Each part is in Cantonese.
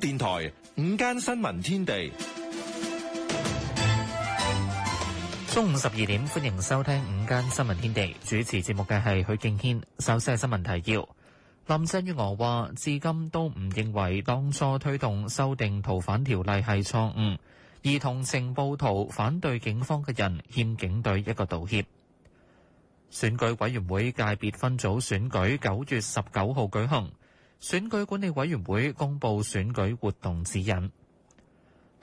電台午間新聞天地，中午十二點歡迎收聽午間新聞天地。主持節目嘅係許敬軒。首先係新聞提要：林鄭月娥話，至今都唔認為當初推動修訂逃犯條例係錯誤，而同情暴徒反對警方嘅人，欠警隊一個道歉。選舉委員會界別分組選舉九月十九號舉行。選舉管理委員會公布選舉活動指引。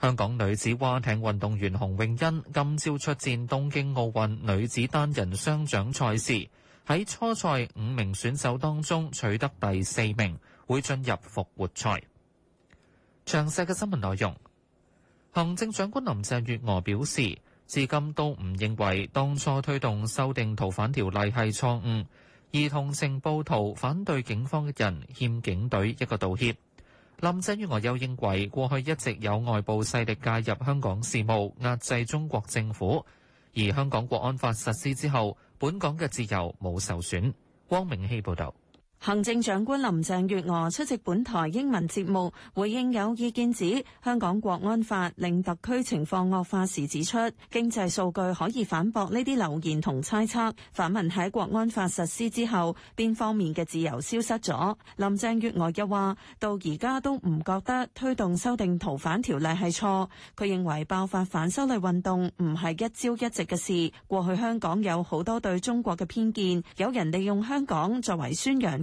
香港女子划艇運動員洪詠欣今朝出戰東京奧運女子單人雙槳賽事，喺初賽五名選手當中取得第四名，會進入復活賽。詳細嘅新聞內容，行政長官林鄭月娥表示，至今都唔認為當初推動修訂逃犯條例係錯誤。而同情暴徒、反對警方嘅人，欠警隊一個道歉。林鄭月娥又認為，過去一直有外部勢力介入香港事務，壓制中國政府。而香港國安法實施之後，本港嘅自由冇受損。汪明希報道。行政長官林鄭月娥出席本台英文節目，回應有意見指香港國安法令特區情況惡化時指出，經濟數據可以反駁呢啲流言同猜測。反問喺國安法實施之後，邊方面嘅自由消失咗？林鄭月娥又話，到而家都唔覺得推動修訂逃犯條例係錯。佢認為爆發反修例運動唔係一朝一夕嘅事。過去香港有好多對中國嘅偏見，有人利用香港作為宣揚。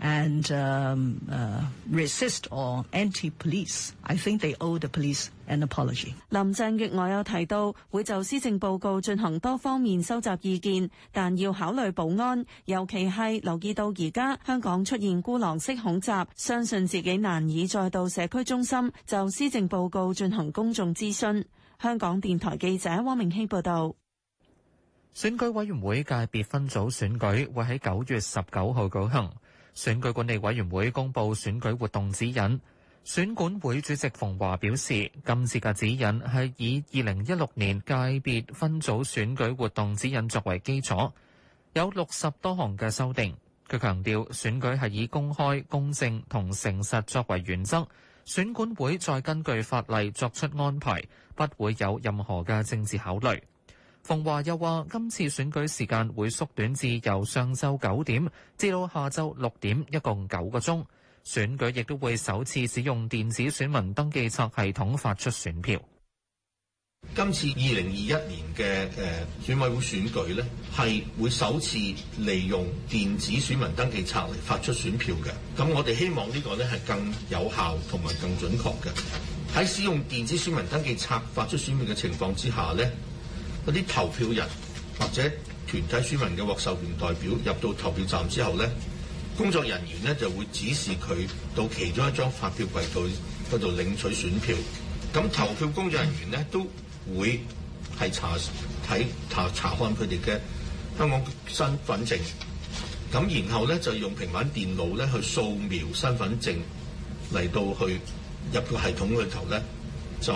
and、um, uh, resist or anti-police。Pol I think they owe the police an apology。林鄭月娥有提到會就施政報告進行多方面收集意見，但要考慮保安，尤其係留意到而家香港出現孤狼式恐襲，相信自己難以再到社區中心就施政報告進行公眾諮詢。香港電台記者汪明熙報道。選舉委員會界別分組選舉會喺九月十九號舉行。選舉管理委員會公布選舉活動指引，選管會主席馮華表示，今次嘅指引係以二零一六年界別分組選舉活動指引作為基礎，有六十多項嘅修訂。佢強調，選舉係以公開、公正同誠實作為原則，選管會再根據法例作出安排，不會有任何嘅政治考慮。馮華又話：今次選舉時間會縮短至由上晝九點至到下晝六點，一共九個鐘。選舉亦都會首次使用電子選民登記冊系統發出選票。今次二零二一年嘅誒選委會選舉呢，係會首次利用電子選民登記冊嚟發出選票嘅。咁我哋希望呢個呢係更有效同埋更準確嘅。喺使用電子選民登記冊發出選票嘅情況之下呢。啲投票人或者團體選民嘅獲授權代表入到投票站之後咧，工作人員咧就會指示佢到其中一張發票櫃枱嗰度領取選票。咁投票工作人員咧都會係查睇查查看佢哋嘅香港身份證，咁然後咧就用平板電腦咧去掃描身份證嚟到去入個系統裏頭咧就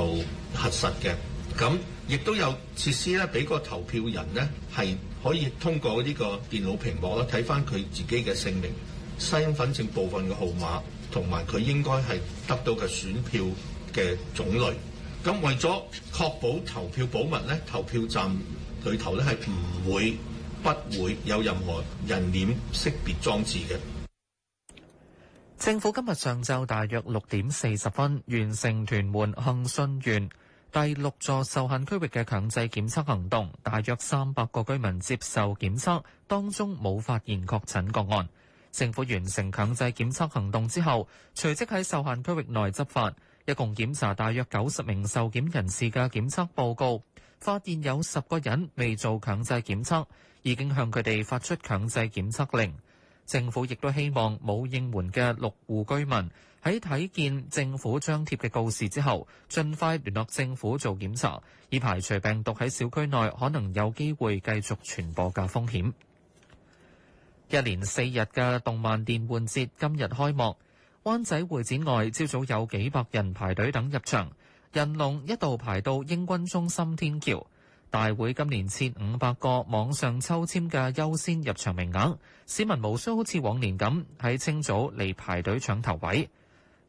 核實嘅咁。亦都有設施咧，俾個投票人咧係可以通過呢個電腦屏幕咯，睇翻佢自己嘅姓名、身份證部分嘅號碼，同埋佢應該係得到嘅選票嘅種類。咁為咗確保投票保密咧，投票站裏頭咧係唔會不會有任何人臉識別裝置嘅。政府今日上晝大約六點四十分完成屯門杏信苑。第六座受限區域嘅強制檢測行動，大約三百個居民接受檢測，當中冇發現確診個案。政府完成強制檢測行動之後，隨即喺受限區域內執法，一共檢查大約九十名受檢人士嘅檢測報告，發現有十個人未做強制檢測，已經向佢哋發出強制檢測令。政府亦都希望冇應門嘅六戶居民。喺睇見政府張貼嘅告示之後，盡快聯絡政府做檢查，以排除病毒喺小區內可能有機會繼續傳播嘅風險。一連四日嘅動漫電玩節今日開幕，灣仔會展外，朝早有幾百人排隊等入場，人龍一度排到英軍中心天橋。大會今年設五百個網上抽籤嘅優先入場名額，市民無需好似往年咁喺清早嚟排隊搶頭位。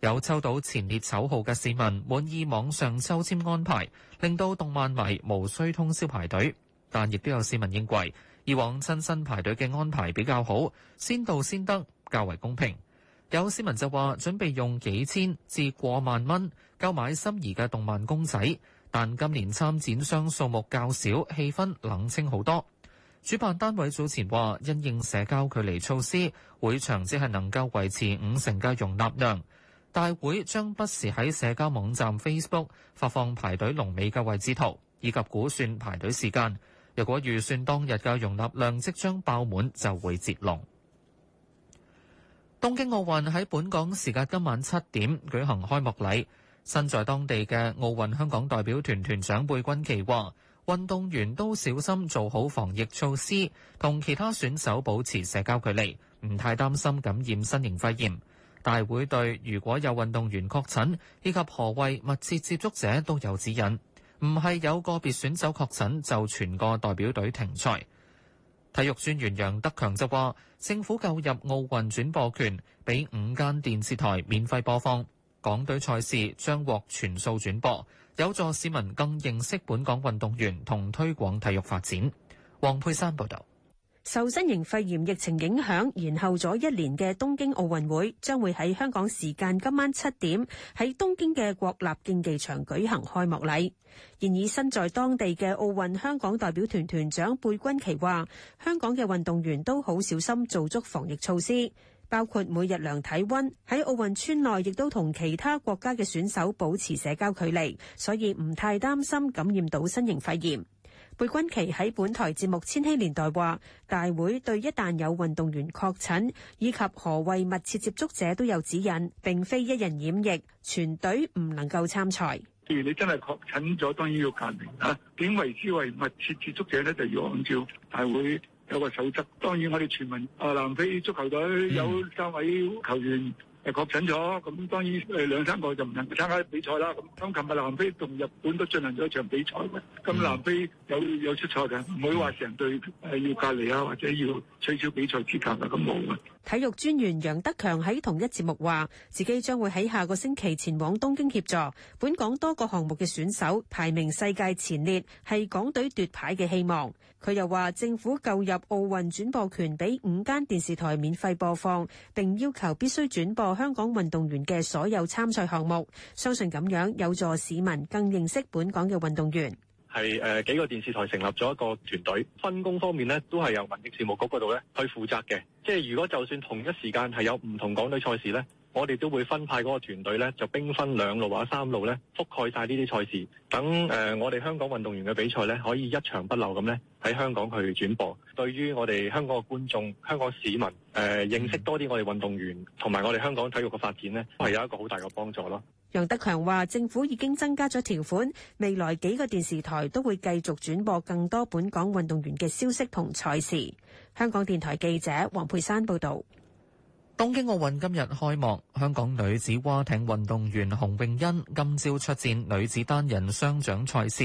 有抽到前列籌號嘅市民滿意網上抽籤安排，令到動漫迷無需通宵排隊。但亦都有市民認為，以往親身排隊嘅安排比較好，先到先得較為公平。有市民就話，準備用幾千至過萬蚊購買心儀嘅動漫公仔，但今年參展商數目較少，氣氛冷清好多。主辦單位早前話，因應社交距離措施，會場只係能夠維持五成嘅容納量。大會將不時喺社交網站 Facebook 發放排隊龍尾嘅位置圖，以及估算排隊時間。若果預算當日嘅容納量即將爆滿，就會截龍。東京奧運喺本港時間今晚七點舉行開幕禮。身在當地嘅奧運香港代表團團長貝君琪話，運動員都小心做好防疫措施，同其他選手保持社交距離，唔太擔心感染新型肺炎。大會對如果有運動員確診，以及何謂密切接觸者都有指引，唔係有個別選手確診就全個代表隊停賽。體育專員楊德強就話，政府購入奧運轉播權，俾五間電視台免費播放，港隊賽事將獲全數轉播，有助市民更認識本港運動員同推廣體育發展。黃佩珊報導。受新型肺炎疫情影響，延後咗一年嘅東京奧運會將會喺香港時間今晚七點喺東京嘅國立競技場舉行開幕禮。現已身在當地嘅奧運香港代表團團長貝君奇話，香港嘅運動員都好小心做足防疫措施，包括每日量體溫，喺奧運村內亦都同其他國家嘅選手保持社交距離，所以唔太擔心感染到新型肺炎。貝君奇喺本台節目《千禧年代》話，大會對一旦有運動員確診以及何謂密切接觸者都有指引，並非一人染疫全隊唔能夠參賽。譬如你真係確診咗，當然要隔離啦。點為之為密切接觸者呢，就要按照大會有個守則。當然，我哋全民啊，南非足球隊有三位球員。誒確診咗，咁當然誒兩三個就唔能參加比賽啦。咁咁，琴日南非同日本都進行咗一場比賽嘅，咁南非有有出賽嘅，唔會話成隊誒要隔離啊，或者要取消比賽資格啊，咁冇啊。體育專員楊德強喺同一節目話：自己將會喺下個星期前往東京協助本港多個項目嘅選手，排名世界前列，係港隊奪牌嘅希望。佢又話：政府購入奧運轉播權俾五間電視台免費播放，並要求必須轉播。香港運動員嘅所有參賽項目，相信咁樣有助市民更認識本港嘅運動員。係誒、呃，幾個電視台成立咗一個團隊，分工方面咧都係由民政事務局嗰度咧去負責嘅。即係如果就算同一時間係有唔同港隊賽事咧。我哋都會分派嗰個團隊呢，就兵分兩路或者三路呢，覆蓋晒呢啲賽事。等誒、呃，我哋香港運動員嘅比賽呢，可以一場不漏咁呢，喺香港去轉播。對於我哋香港嘅觀眾、香港市民誒、呃，認識多啲我哋運動員同埋我哋香港體育嘅發展呢，係有一個好大嘅幫助咯。楊德強話：政府已經增加咗條款，未來幾個電視台都會繼續轉播更多本港運動員嘅消息同賽事。香港電台記者黃佩珊報導。東京奧運今日開幕，香港女子划艇運動員洪詠欣今朝出戰女子單人雙槳賽事，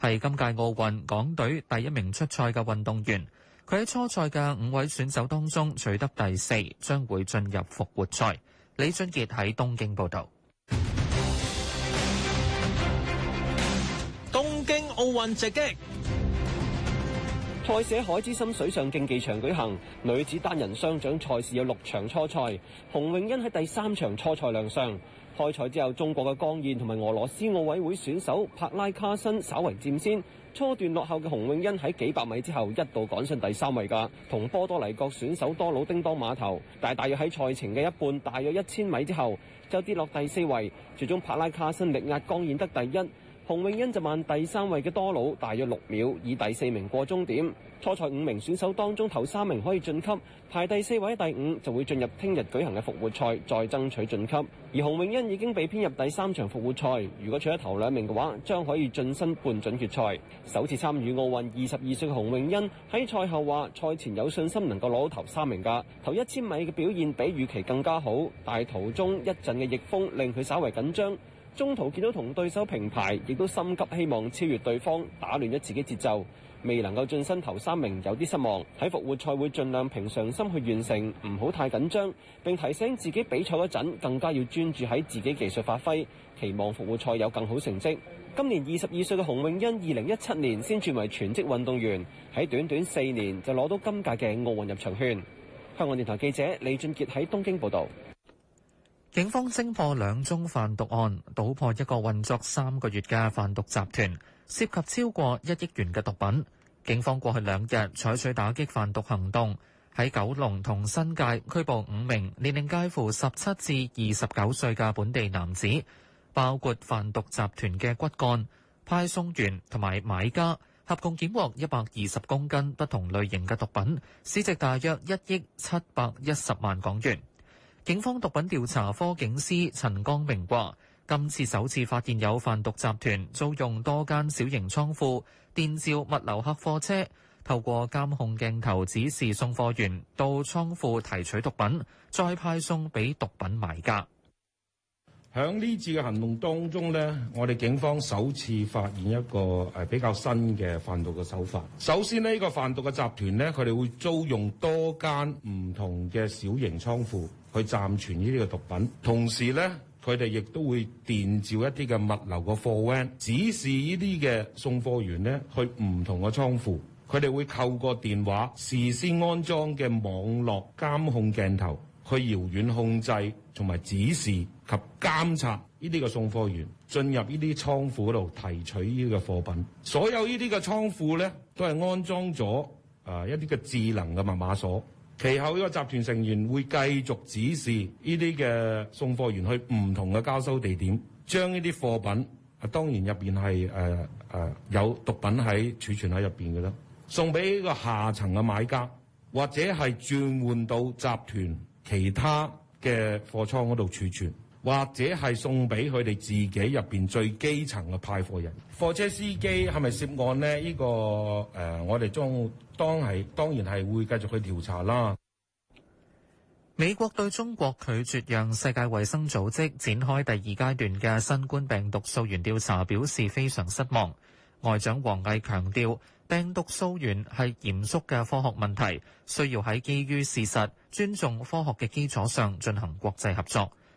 係今屆奧運港隊第一名出賽嘅運動員。佢喺初賽嘅五位選手當中取得第四，將會進入復活賽。李俊傑喺東京報道。東京奧運直擊。賽事海之森水上競技場舉行，女子單人雙槳賽事有六場初賽，洪永恩喺第三場初賽亮相。開賽之後，中國嘅江燕同埋俄羅斯奧委會選手帕拉卡申稍為佔先。初段落後嘅洪永恩喺幾百米之後一度趕上第三位噶，同波多黎各選手多魯叮噹馬頭，但係大約喺賽程嘅一半，大約一千米之後就跌落第四位，最終帕拉卡申力壓江燕得第一。洪永恩就慢第三位嘅多佬大約六秒，以第四名過終點。初賽五名選手當中頭三名可以晉級，排第四位第五就會進入聽日舉行嘅復活賽，再爭取晉級。而洪永恩已經被編入第三場復活賽，如果取得頭兩名嘅話，將可以晉身半準決賽。首次參與奧運二十二歲嘅洪永恩喺賽後話：賽前有信心能夠攞到頭三名噶，頭一千米嘅表現比預期更加好，大途中一陣嘅逆風令佢稍為緊張。中途見到同對手平排，亦都心急希望超越對方，打亂咗自己節奏，未能夠晉身頭三名，有啲失望。喺復活賽會盡量平常心去完成，唔好太緊張。並提醒自己比賽嗰陣更加要專注喺自己技術發揮，期望復活賽有更好成績。今年二十二歲嘅洪永恩，二零一七年先轉為全職運動員，喺短短四年就攞到今屆嘅奧運入場券。香港電台記者李俊傑喺東京報導。警方偵破兩宗販毒案，搗破一個運作三個月嘅販毒集團，涉及超過一億元嘅毒品。警方過去兩日採取打擊販毒行動，喺九龍同新界拘捕五名年齡介乎十七至二十九歲嘅本地男子，包括販毒集團嘅骨幹、派送員同埋買家，合共檢獲一百二十公斤不同類型嘅毒品，市值大約一億七百一十萬港元。警方毒品調查科警司陳光明話：今次首次發現有販毒集團租用多間小型倉庫，電召物流客貨車，透過監控鏡頭指示送貨員到倉庫提取毒品，再派送俾毒品買家。響呢次嘅行動當中咧，我哋警方首次發現一個誒比較新嘅販毒嘅手法。首先，呢個販毒嘅集團咧，佢哋會租用多間唔同嘅小型倉庫。佢暫存呢啲嘅毒品，同時咧，佢哋亦都會電召一啲嘅物流嘅貨運，指示呢啲嘅送貨員咧去唔同嘅倉庫，佢哋會透過電話時事先安裝嘅網絡監控鏡頭去遙遠控制同埋指示及監察呢啲嘅送貨員進入呢啲倉庫嗰度提取呢啲嘅貨品。所有呢啲嘅倉庫咧都係安裝咗啊一啲嘅智能嘅密碼鎖。其後一個集團成員會繼續指示呢啲嘅送貨員去唔同嘅交收地點，將呢啲貨品啊，當然入面係、呃呃、有毒品喺儲存喺入面嘅啦，送俾呢個下層嘅買家，或者係轉換到集團其他嘅貨倉嗰度儲存。或者係送俾佢哋自己入邊最基層嘅派貨人、貨車司機係咪涉案呢？呢、呢個誒、呃，我哋將當係當然係會繼續去調查啦。美國對中國拒絕讓世界衛生組織展開第二階段嘅新冠病毒溯源調查表示非常失望。外長王毅強調，病毒溯源係嚴肅嘅科學問題，需要喺基於事實、尊重科學嘅基礎上進行國際合作。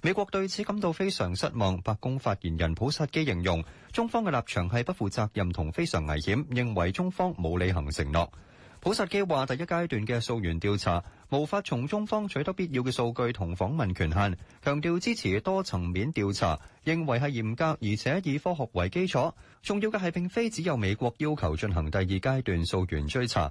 美國對此感到非常失望。白宮發言人普薩基形容中方嘅立場係不負責任同非常危險，認為中方冇履行承諾。普薩基話：第一階段嘅溯源調查無法從中方取得必要嘅數據同訪問權限，強調支持多層面調查，認為係嚴格而且以科學為基礎。重要嘅係並非只有美國要求進行第二階段溯源追查。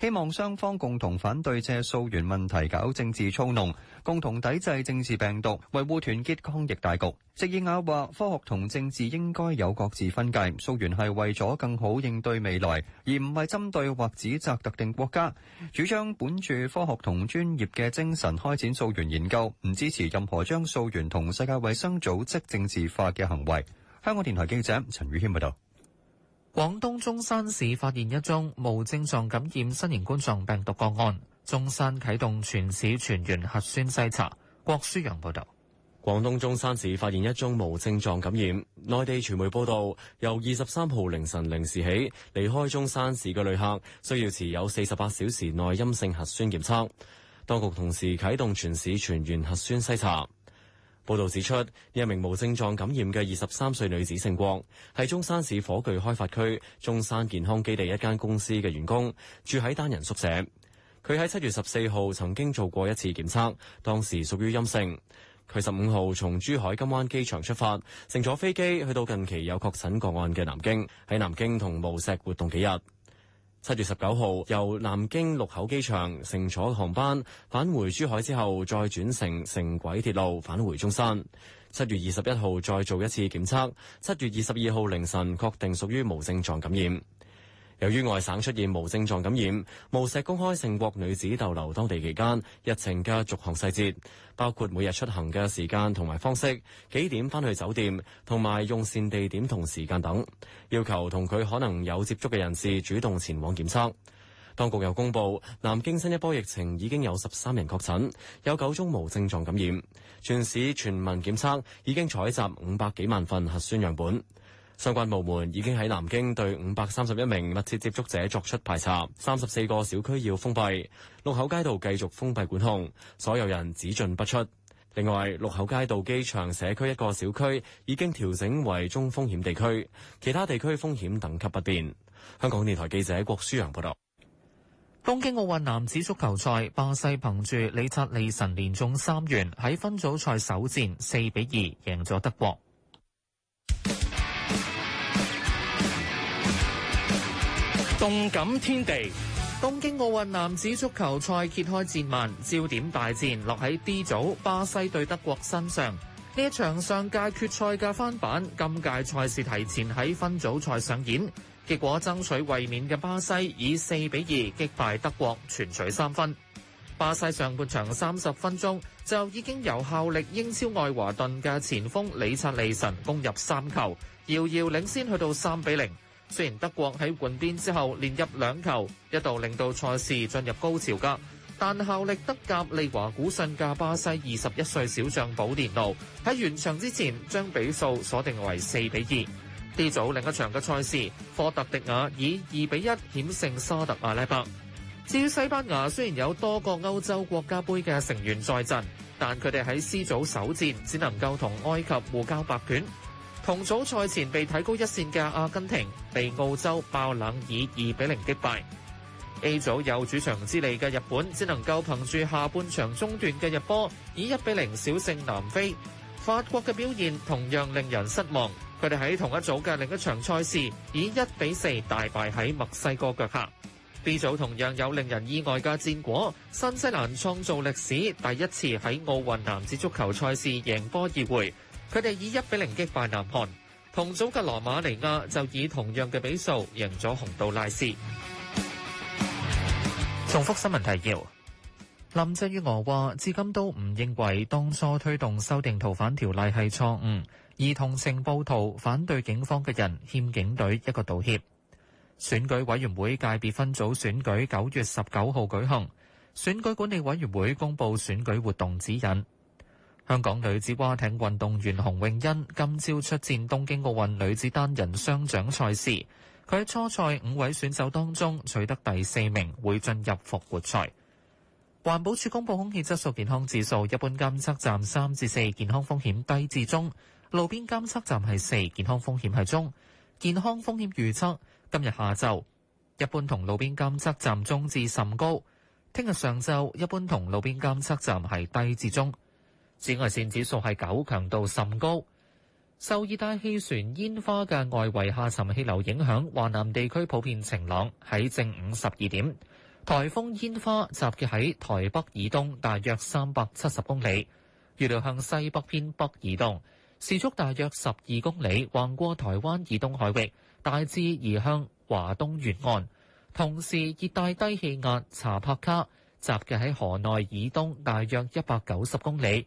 希望雙方共同反對借溯源問題搞政治操弄，共同抵制政治病毒，維護團結抗疫大局。席爾瓦話科學同政治應該有各自分界，溯源係為咗更好應對未來，而唔係針對或指責特定國家。主張本著科學同專業嘅精神開展溯源研究，唔支持任何將溯源同世界衛生組織政治化嘅行為。香港電台記者陳宇軒報道。廣東中山市發現一宗無症狀感染新型冠狀病毒個案，中山啟動全市全員核酸篩查。郭舒陽報道：廣東中山市發現一宗無症狀感染。內地傳媒報道，由二十三號凌晨零時起，離開中山市嘅旅客需要持有四十八小時內陰性核酸檢測。當局同時啟動全市全員核酸篩查。報道指出，一名無症狀感染嘅二十三歲女子姓郭，係中山市火炬開發區中山健康基地一間公司嘅員工，住喺單人宿舍。佢喺七月十四號曾經做過一次檢測，當時屬於陰性。佢十五號從珠海金灣機場出發，乘坐飛機去到近期有確診個案嘅南京，喺南京同無錫活動幾日。七月十九號由南京祿口機場乘坐航班返回珠海之後，再轉乘城軌鐵路返回中山。七月二十一號再做一次檢測，七月二十二號凌晨確定屬於無症狀感染。由於外省出現無症狀感染，無錫公開成國女子逗留當地期間日程嘅逐項細節，包括每日出行嘅時間同埋方式、幾點返去酒店同埋用膳地點同時間等，要求同佢可能有接觸嘅人士主動前往檢測。當局又公布南京新一波疫情已經有十三人確診，有九宗無症狀感染，全市全民檢測已經採集五百幾萬份核酸樣本。相關部門已經喺南京對五百三十一名密切接觸者作出排查，三十四個小區要封閉，祿口街道繼續封閉管控，所有人只進不出。另外，祿口街道機場社區一個小區已經調整為中風險地區，其他地區風險等級不變。香港電台記者郭舒揚報道，東京奧運男子足球賽，巴西憑住李察利臣連中三元，喺分組賽首戰四比二贏咗德國。動感天地，東京奧運男子足球賽揭開戰幕，焦點大戰落喺 D 組巴西對德國身上。呢一場上屆決賽嘅翻版，今屆賽事提前喺分組賽上演。結果爭取衛冕嘅巴西以四比二擊敗德國，全取三分。巴西上半場三十分鐘就已經由效力英超愛華頓嘅前鋒里察利神攻入三球，遙遙領先去到三比零。雖然德國喺換邊之後連入兩球，一度令到賽事進入高潮㗎，但效力德甲利華古信嘅巴西二十一歲小將保連奴喺完場之前將比數鎖定為四比二。D 組另一場嘅賽事，科特迪瓦以二比一險勝沙特阿拉伯。至於西班牙，雖然有多個歐洲國家杯嘅成員在陣，但佢哋喺 C 組首戰只能夠同埃及互交白卷。同組賽前被睇高一線嘅阿根廷，被澳洲爆冷以二比零擊敗。A 組有主場之利嘅日本，只能夠憑住下半場中段嘅入波，以一比零小勝南非。法國嘅表現同樣令人失望，佢哋喺同一組嘅另一場賽事，以一比四大敗喺墨西哥腳下。B 組同樣有令人意外嘅戰果，新西蘭創造歷史，第一次喺奧運男子足球賽事贏波而回。佢哋以一比零擊敗南韓，同組嘅羅馬尼亞就以同樣嘅比數贏咗洪都拉斯。重複新聞提要。林鄭月娥話：至今都唔認為當初推動修訂逃犯條例係錯誤，而同情暴徒反對警方嘅人欠警隊一個道歉。選舉委員會界別分組選舉九月十九號舉行，選舉管理委員會公布選舉活動指引。香港女子劃艇運動員洪詠甄今朝出戰東京奧運女子單人雙槳賽事，佢喺初賽五位選手當中取得第四名，會進入復活賽。環保署公布空氣質素健康指數，一般監測站三至四，健康風險低至中；路邊監測站係四，健康風險係中。健康風險預測今日下晝一般同路邊監測站中至甚高，聽日上晝一般同路邊監測站係低至中。紫外線指數係九，強度甚高。受熱帶氣旋煙花嘅外圍下沉氣流影響，華南地區普遍晴朗，喺正午十二點，颱風煙花集結喺台北以東大約三百七十公里，預料向西北偏北移動，時速大約十二公里，橫過台灣以東海域，大致移向華東沿岸。同時，熱帶低氣壓查帕卡集結喺河內以東大約一百九十公里。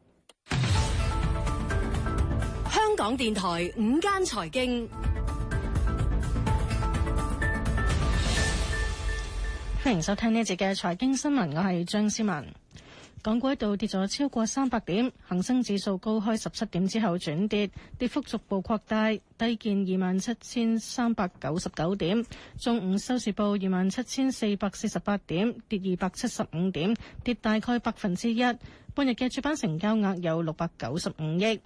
港電台午間財經，歡迎收聽呢一節嘅財經新聞，我係張思文。港股一度跌咗超過三百點，恒生指數高開十七點之後轉跌，跌幅逐步擴大，低見二萬七千三百九十九點。中午收市報二萬七千四百四十八點，跌二百七十五點，跌大概百分之一。半日嘅主板成交額有六百九十五億。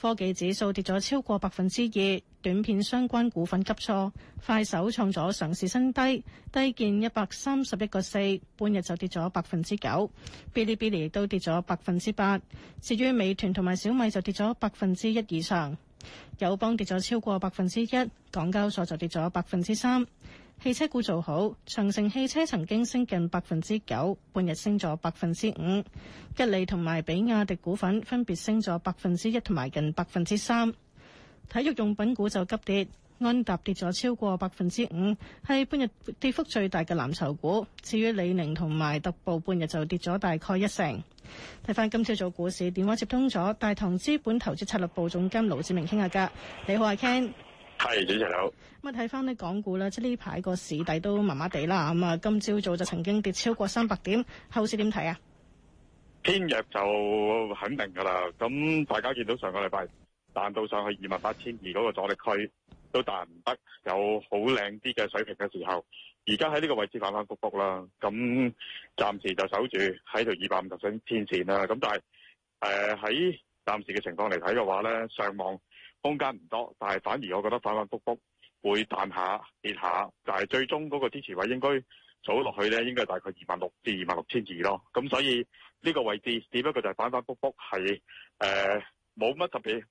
科技指數跌咗超過百分之二。短片相關股份急挫，快手創咗上市新低，低見一百三十一個四，半日就跌咗百分之九。嗶哩嗶哩都跌咗百分之八。至於美團同埋小米就跌咗百分之一以上，友邦跌咗超過百分之一，港交所就跌咗百分之三。汽車股做好，長城汽車曾經升近百分之九，半日升咗百分之五。吉利同埋比亞迪股份分別升咗百分之一同埋近百分之三。體育用品股就急跌，安踏跌咗超過百分之五，係半日跌幅最大嘅藍籌股。至於李寧同埋特步，半日就跌咗大概一成。睇翻今朝早股市，電話接通咗大同資本投資策略部總監盧志明傾下偈。你好啊，Ken。係，主持人好。咁啊，睇翻咧港股咧，即呢排個市底都麻麻地啦。咁啊，今朝早就曾經跌超過三百點，後市點睇啊？偏弱就肯定㗎啦。咁大家見到上個禮拜。彈到上去二萬八千二嗰個阻力區，都彈唔得，有好靚啲嘅水平嘅時候。而家喺呢個位置反反复复啦，咁暫時就守住喺條二百五十升天線啦。咁但係，誒喺暫時嘅情況嚟睇嘅話呢，上望空間唔多，但係反而我覺得反反复覆會彈下跌下，但係最終嗰個支持位應該數落去呢，應該大概二萬六至二萬六千二咯。咁所以呢個位置只不過就係反反复覆係誒冇乜特別。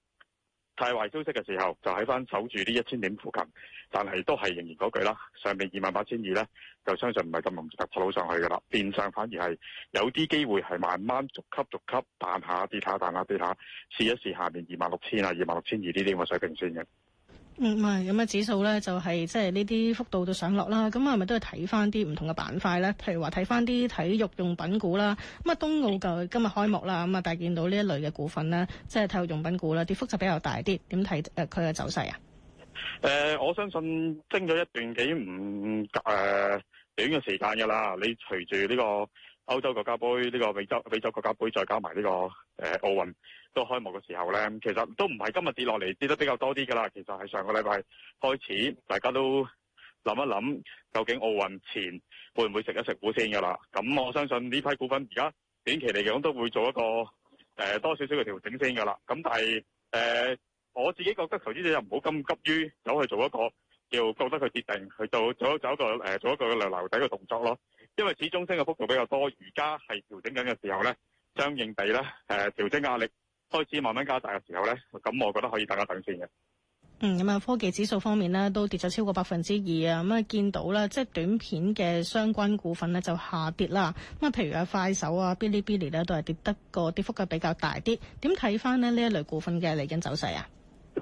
大壞消息嘅時候，就喺翻守住呢一千點附近，但係都係仍然嗰句啦。上面二萬八千二呢，就相信唔係咁容易突破到上去㗎啦。變相反而係有啲機會係慢慢逐級逐級彈下跌下彈下跌下，試一試下面二萬六千啊，二萬六千二呢啲咁嘅水平先嘅。唔係咁嘅指數咧，就係、是、即係呢啲幅度嘅上落啦。咁係咪都係睇翻啲唔同嘅板塊咧？譬如話睇翻啲體育用品股啦。咁啊，東奧嘅今日開幕啦。咁啊，但係見到呢一類嘅股份啦，即係體育用品股咧，跌幅就比較大啲。點睇誒佢嘅走勢啊？誒、呃，我相信升咗一段幾唔誒、呃、短嘅時間嘅啦。你隨住呢、這個。歐洲國家盃呢個美洲美洲國家盃再加埋呢個誒奧運都開幕嘅時候呢，其實都唔係今日跌落嚟，跌得比較多啲噶啦。其實係上個禮拜開始，大家都諗一諗，究竟奧運前會唔會食一食股先噶啦？咁、嗯、我相信呢批股份而家短期嚟講都會做一個誒、呃、多少少嘅調整先噶啦。咁但係誒、呃、我自己覺得投資者又唔好咁急於走去做一個叫覺得佢跌定去到做一做，做一個誒做一個留底嘅動作咯。因為始終升嘅幅度比較多，而家係調整緊嘅時候咧，相應地咧，誒、呃，調整壓力開始慢慢加大嘅時候咧，咁我覺得可以大家等先嘅、嗯。嗯，咁啊，科技指數方面咧都跌咗超過百分之二啊，咁、嗯、啊見到咧即係短片嘅相關股份咧就下跌啦。咁、嗯、啊，譬如啊快手啊，嗶哩嗶哩咧都係跌得個跌幅嘅比較大啲。點睇翻咧呢一類股份嘅嚟緊走勢啊？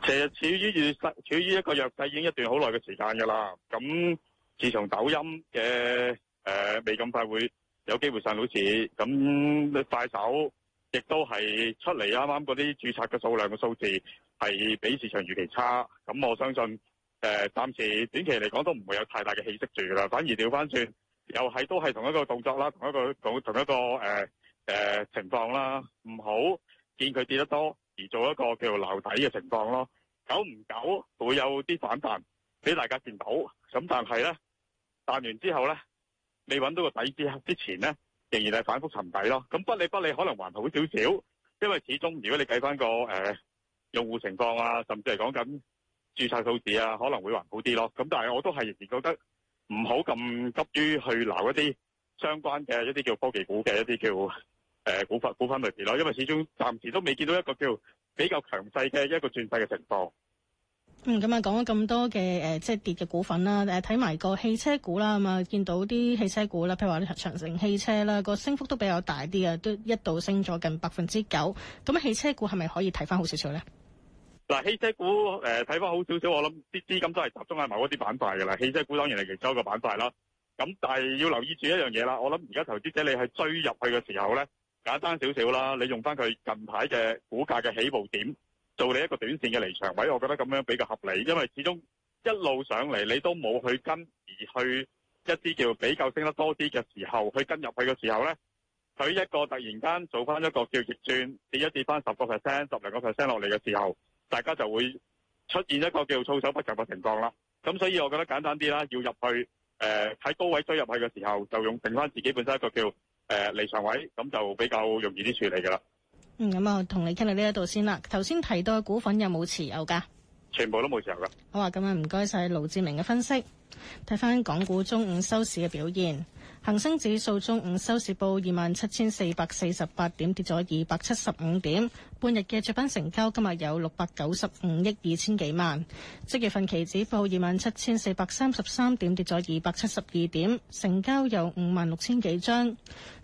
其實處於弱勢，處於一個弱勢已經一段好耐嘅時間噶啦。咁、嗯、自從抖音嘅誒，未咁、呃、快會有機會上到市，咁你快手亦都係出嚟啱啱嗰啲註冊嘅數量嘅數字係比市場預期差，咁我相信誒，暫、呃、時短期嚟講都唔會有太大嘅氣息住㗎啦，反而調翻轉又係都係同一個動作啦，同一個同同一個誒誒、呃呃、情況啦，唔好見佢跌得多而做一個叫做留底嘅情況咯，久唔久會有啲反彈俾大家見到，咁但係咧彈完之後咧。未揾到個底之後，之前呢，仍然係反覆沉底咯。咁不理不理，可能還好少少，因為始終如果你計翻個誒、呃、用戶情況啊，甚至係講緊註冊數字啊，可能會還好啲咯。咁但係我都係仍然覺得唔好咁急於去留一啲相關嘅一啲叫科技股嘅一啲叫誒、呃、股份股份類別咯，因為始終暫時都未見到一個叫比較強勢嘅一個轉勢嘅情況。嗯，咁啊，講咗咁多嘅誒，即係跌嘅股份啦，誒、呃，睇埋個汽車股啦，咁、嗯、啊，見到啲汽車股啦，譬如話長城汽車啦，個升幅都比較大啲啊，都一度升咗近百分之九。咁、啊、汽車股係咪可以睇翻好少少咧？嗱，汽車股誒，睇、呃、翻好少少，我諗啲資金都係集中喺某一啲板塊噶啦。汽車股當然係其中一個板塊啦。咁但係要留意住一樣嘢啦，我諗而家投資者你係追入去嘅時候咧，簡單少少啦，你用翻佢近排嘅股價嘅起步點，做你一個短線嘅離場位，我覺得咁樣比較合理，因為始終一路上嚟你都冇去跟，而去一啲叫比較升得多啲嘅時候去跟入去嘅時候呢，佢一個突然間做翻一個叫逆轉，跌一跌翻十個 percent、十零個 percent 落嚟嘅時候，大家就會出現一個叫措手不及嘅情況啦。咁所以我覺得簡單啲啦，要入去誒、呃、喺高位追入去嘅時候，就用剩翻自己本身一個叫誒、呃、離場位，咁就比較容易啲處理嘅啦。嗯，咁啊，同你傾到呢一度先啦。頭先提到嘅股份有冇持有噶？全部都冇持有噶。好啊，咁啊，唔該晒盧志明嘅分析。睇翻港股中午收市嘅表現，恒生指數中午收市報二萬七千四百四十八點，跌咗二百七十五點。半日嘅主板成交今日有六百九十五億二千幾萬。即月份期指報二萬七千四百三十三點，跌咗二百七十二點，成交有五萬六千幾張。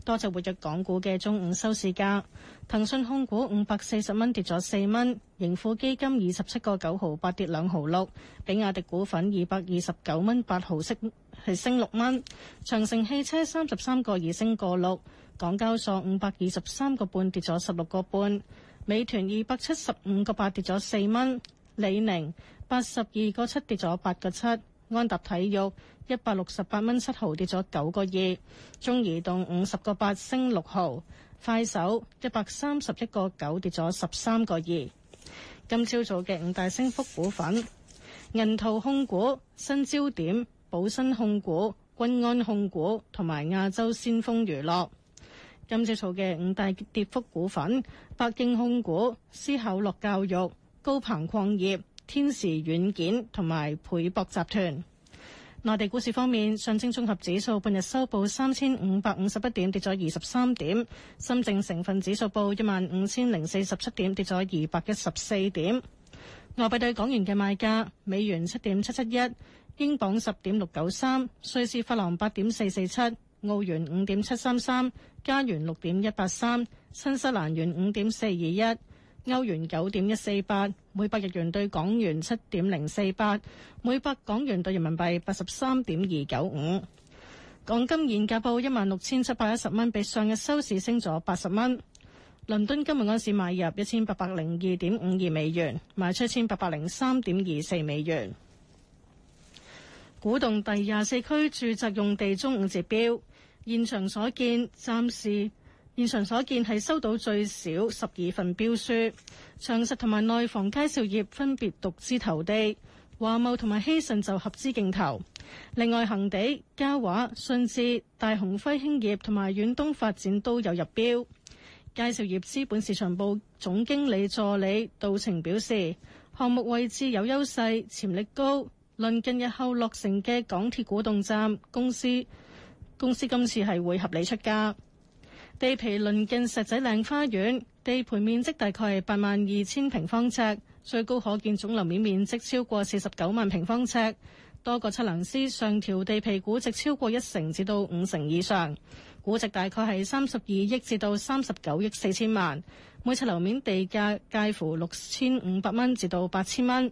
多隻活躍港股嘅中午收市價，騰訊控股五百四十蚊跌咗四蚊，盈富基金二十七個九毫八跌兩毫六，比亞迪股份二百二十九蚊八毫升係升六蚊，長城汽車三十三個二升個六，港交所五百二十三個半跌咗十六個半，美團二百七十五個八跌咗四蚊，李寧八十二個七跌咗八個七。安踏體育一百六十八蚊七毫跌咗九個二，中移動五十個八升六毫，快手一百三十一個九跌咗十三個二。今朝早嘅五大升幅股份：銀圖控股、新焦點、寶新控股、君安控股同埋亞洲先鋒娛樂。今朝早嘅五大跌幅股份：北京控股、思考樂教育、高鵬礦業。天時軟件同埋培博集團。內地股市方面，上證綜合指數半日收報三千五百五十一點，跌咗二十三點；深證成分指數報一萬五千零四十七點，跌咗二百一十四點。外幣對港元嘅賣價：美元七點七七一，英鎊十點六九三，瑞士法郎八點四四七，澳元五點七三三，加元六點一八三，新西蘭元五點四二一，歐元九點一四八。每百日元對港元七點零四八，每百港元對人民幣八十三點二九五。港金現價報一萬六千七百一十蚊，比上日收市升咗八十蚊。倫敦今日開市買入一千八百零二點五二美元，賣出一千八百零三點二四美元。古洞第廿四區住宅用地中午截標，現場所見暫時。現場所見係收到最少十二份標書，長實同埋內房介紹業分別獨資投地，華懋同埋希慎就合資競投。另外，恒地、嘉華、信置、大鴻輝興業同埋遠東發展都有入標。介紹業資本市場部總經理助理杜晴表示，項目位置有優勢，潛力高。鄰近日後落成嘅港鐵古洞站，公司，公司今次係會合理出價。地皮鄰近石仔嶺花園，地盤面積大概係八萬二千平方尺，最高可見總樓面面積超過四十九萬平方尺。多個測量師上調地皮估值超過一成至到五成以上，估值大概係三十二億至到三十九億四千萬，每尺樓面地價介乎六千五百蚊至到八千蚊。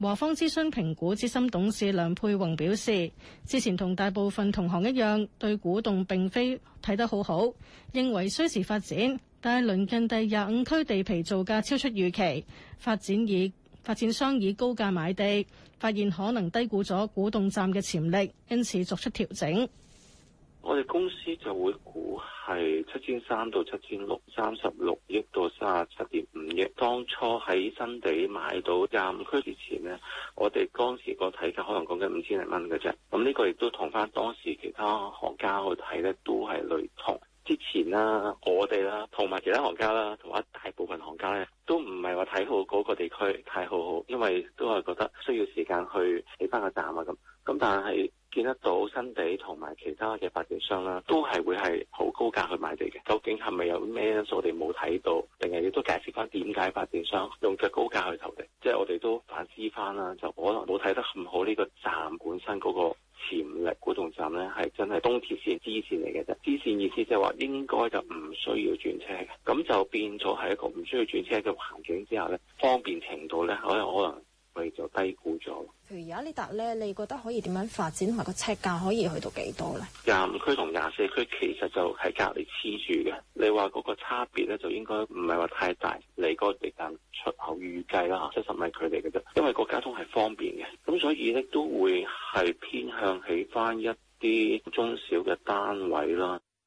華方諮詢評估資深董事梁佩宏表示，之前同大部分同行一樣，對古洞並非睇得好好，認為需時發展，但係鄰近第廿五區地皮造價超出預期，發展以發展商以高價買地，發現可能低估咗古洞站嘅潛力，因此作出調整。我哋公司就會估係七千三到七千六，三十六億到三十七點五億。當初喺新地買到站區之前呢，我哋當時個睇價可能講緊五千零蚊嘅啫。咁、嗯、呢、呢個亦都同翻當時其他行家去睇呢，都係類同之前啦、我哋啦、同埋其他行家啦，同埋大部分行家呢，都唔係話睇好嗰個地區太好好，因為都係覺得需要時間去起翻個站啊咁。其他嘅發展商啦，都係會係好高價去買地嘅。究竟係咪有咩因素我哋冇睇到，定係亦都解釋翻點解發展商用咗高價去投地？即係我哋都反思翻啦，就可能冇睇得咁好呢個站本身嗰個潛力。古洞站咧係真係東鐵線支線嚟嘅啫，支線意思即係話應該就唔需要轉車嘅，咁就變咗係一個唔需要轉車嘅環境之下，咧，方便程度咧可能可能佢就低估咗。譬如而家呢笪咧，你覺得可以點樣發展同埋個尺價可以去到幾多咧？廿五區同廿四區其實就係隔離黐住嘅，你話嗰個差別咧，就應該唔係話太大，你嗰個地帶出口預計啦，七十米距離嘅啫，因為個交通係方便嘅，咁所以咧都會係偏向起翻一啲中小嘅單位啦。